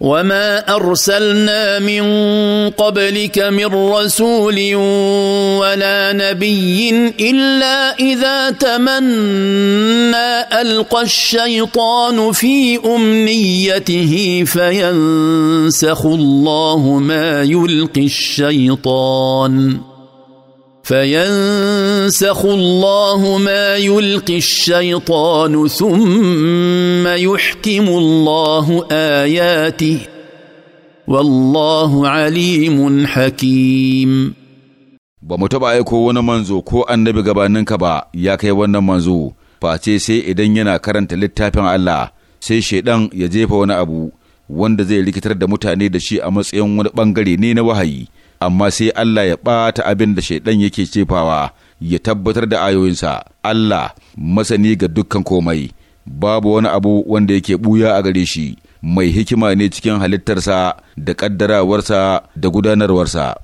وما ارسلنا من قبلك من رسول ولا نبي الا اذا تمنى القى الشيطان في امنيته فينسخ الله ما يلقي الشيطان فينسخ الله ما يلقي الشيطان ثم يحكم الله اياته والله عليم حكيم ba mu taɓa aiko wani manzo ko annabi gabaninka ba ya kai wannan manzo face sai idan yana karanta littafin Allah sai shaidan ya jefa wani abu wanda zai rikitar da mutane da shi a matsayin wani bangare ne na wahayi amma sai Allah ya ɓata abin da shaiɗan yake cefawa ya tabbatar da ayoyinsa Allah masani ga dukkan komai babu wani abu wanda yake ɓuya a gare shi mai hikima ne cikin halittarsa da ƙaddarawarsa da gudanarwarsa